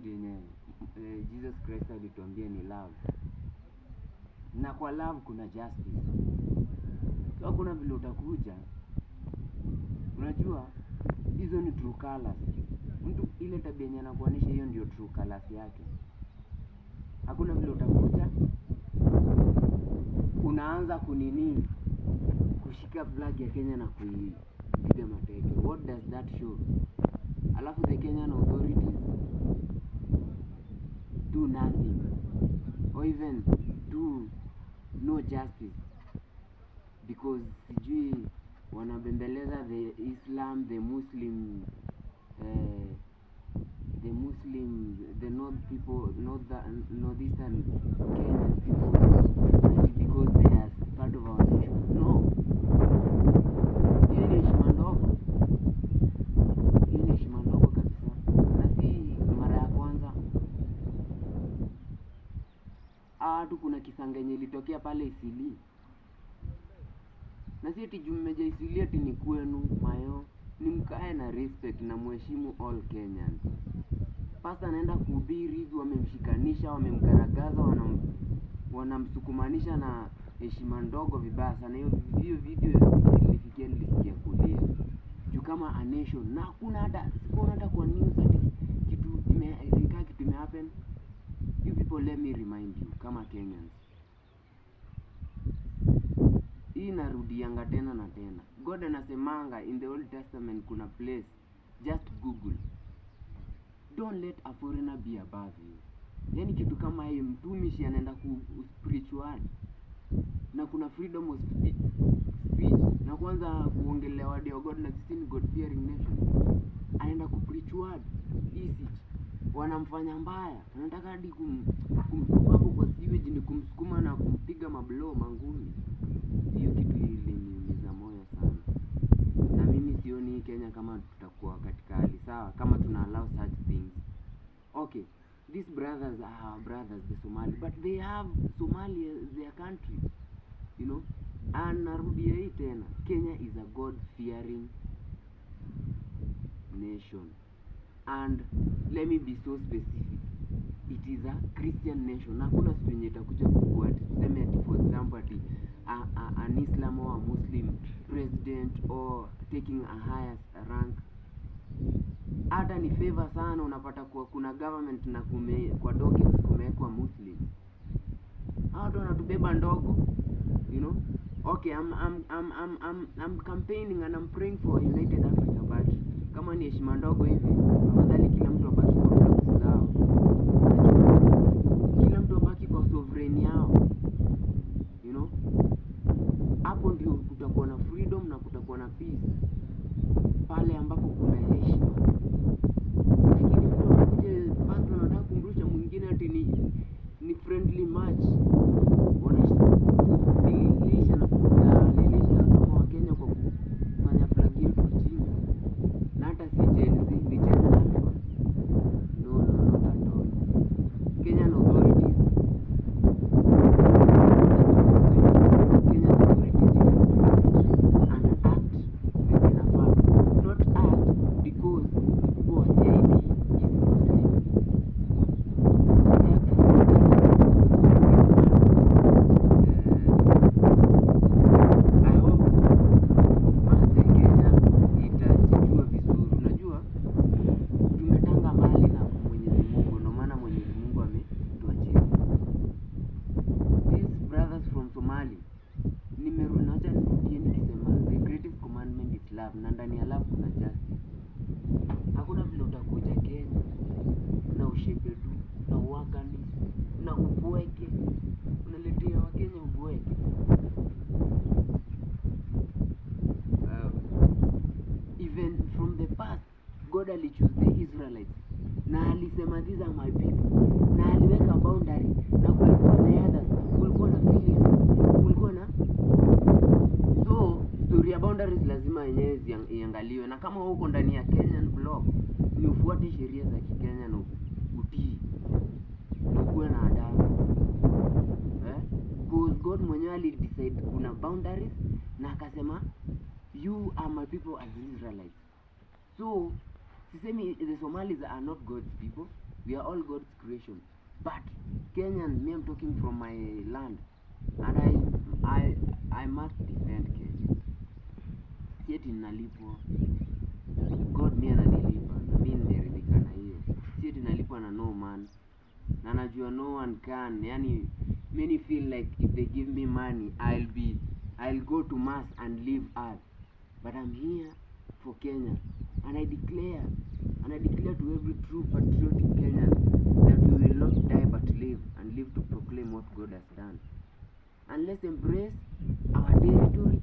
command eh, Jesus Christ alituambia ni love, na kwa love kuna justice. So kuna vile utakuja, unajua hizo ni true colors. Mtu ile tabia yenye anakuonyesha hiyo ndio true colors yake. Hakuna vile utakuja unaanza kunini kushika flag ya Kenya na kuipiga mateke. What does that show? Alafu the Kenyan authority do nothing or even do no justice because sijui wanabembeleza the Islam the Muslim uh, the Muslim the north people north northeastern Kenyan people because they are part of our nation no tu kuna kisangenye ilitokea pale Isili, na si ati jumeja Isili ati ni kwenu mayo, ni mkae na respect na mheshimu all Kenyans. Pasta anaenda kuhubiri hivi, wamemshikanisha, wamemkaragaza wanam, wanamsukumanisha na heshima ndogo vibaya sana. Hiyo hiyo video nilifikia, nilisikia kulia juu kama a nation na kuna hata sikuona hata kwa news ati hivyo let me remind you kama Kenyans, hii narudianga tena na tena. God anasemanga in the Old Testament, kuna place just google, don't let a foreigner be above you. Yani kitu kama hii mtumishi anaenda ku spiritual na kuna freedom of speech, speech. na kwanza kuongelea word of God na sisi ni God fearing nation, anaenda ku preach word easy wanamfanya mbaya, wanataka hadi kum, kumtupa hapo kwa siweji, ni kumsukuma na kumpiga mabloo mangumi. Hiyo kitu iliniumiza moyo sana, na mimi sioni Kenya kama tutakuwa katika hali sawa kama tuna allow such things. Okay, these brothers are our brothers the Somali, but they have Somalia their country, you know. Anarudia hii tena, Kenya is a God fearing nation and let me be so specific it is a Christian nation. na Hakuna siku yenye itakuja kukuwa tuseme ati for example ati an Islam or a Muslim president or taking a highest rank. Hata ni favor sana, unapata kuwa kuna government na kume, kwa documents kumewekwa Muslim. Hata wanatubeba ndogo, you know. Okay, I'm, I'm, I'm, I'm, I'm, I'm campaigning and I'm praying for United Africa, but kama ni heshima ndogo hivi pia pale ambapo kuna heshima lab na ndani ya lab kuna justice. Hakuna vile utakuja Kenya na tu na uangalizi na ubweke, unaletea Wakenya ubweke. Uh, um, even from the past God alichoose the Israelites na alisema these are my people, na aliweka boundary, na kulikuwa na others, kulikuwa na Philistines, kulikuwa na Story ya boundaries lazima yenyewe iangaliwe, na kama uko ndani ya Kenyan block, ni ufuate sheria za Kikenya na utii, na ukuwe na adabu eh? Cause God mwenyewe alidecide kuna boundaries na akasema you are my people as Israelites. So sisemi the Somalis are not God's people, we are all God's creation, but Kenyan, me I'm talking from my land and I, I, I must defend Kenya haki nalipwa God ndiye ananilipa na mimi nimeridhika na hiyo, si eti nalipwa na no man, na najua no one can. Yani many feel like if they give me money I'll be I'll go to mass and leave earth, but I'm here for Kenya and I declare and I declare to every true patriotic Kenyan that we will not die but live and live to proclaim what God has done. And let's embrace our territory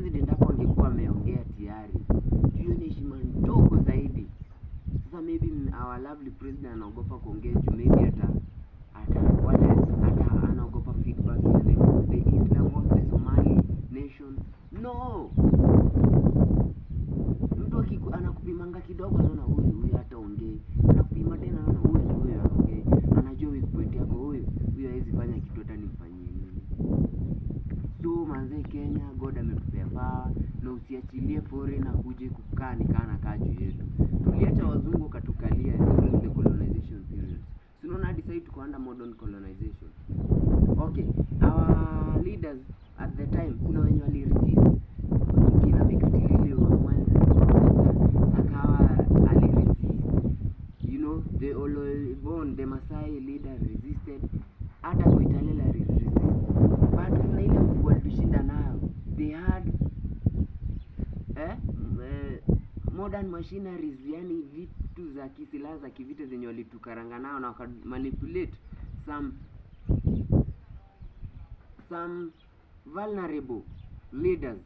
president hapo angekuwa ameongea tayari hiyo ni heshima ndogo zaidi. Sasa maybe our lovely president anaogopa kuongea juu maybe hata hata wala hata anaogopa feedback ya the, the Islam of the Somali nation no. Mtu akiku anakupimanga kidogo, anaona huyu huyu hata ongee, anakupima tena, anaona huyu huyu ongee, anajua weak point yako, huyu huyu hawezi fanya kitu, hata nimfanyie nini tu manzee Kenya, God ametupea na usiachilie na kuje kukaa nikana kaa juu yetu. Tuliacha wazungu katukalia during the colonization period, si unaona hadi sasa tuko modern colonization. Okay, our leaders at the time, kuna wenye wali resist kina mekatililio wa mwanza akawa ali you know the Oloibon the Masai leader resisted machineries, yani vitu za kisilaha za kivita zenye walitukaranga nao na wakamanipulate some some vulnerable leaders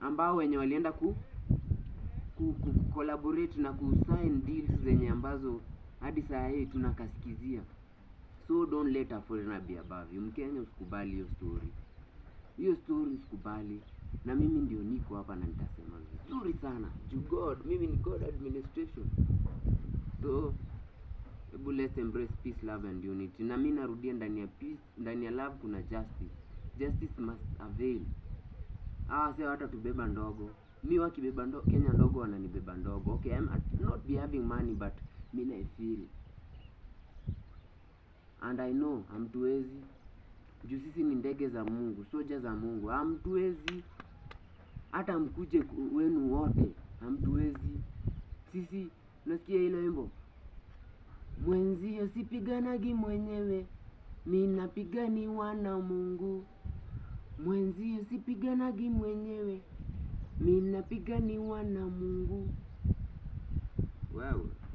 ambao wenye walienda ku, ku, ku collaborate na kusign deals zenye ambazo hadi saa hii tunakasikizia. So don't let a foreigner be above you. Mkenya usikubali hiyo story, hiyo story usikubali na mimi ndio niko hapa na nitasema vizuri sana juu God, mimi ni God administration. So hebu let's embrace peace, love and unity. Na mimi narudia, ndani ya peace, ndani ya love kuna justice. Justice must avail. Ah, hata tubeba ndogo mi wakibeba ndo Kenya ndogo wananibeba ndogo. Okay, I'm not be having money but mimi I feel and I know hamtuwezi juu sisi ni ndege za Mungu, soja za Mungu. Hamtuwezi hata mkuje wenu wote, hamtuwezi sisi. Nasikia ile wimbo mwenzio, sipiganagi mwenyewe, minapiganiwa na Mungu. Mwenzio, sipiganagi mwenyewe, minapiganiwa na Mungu. Wow.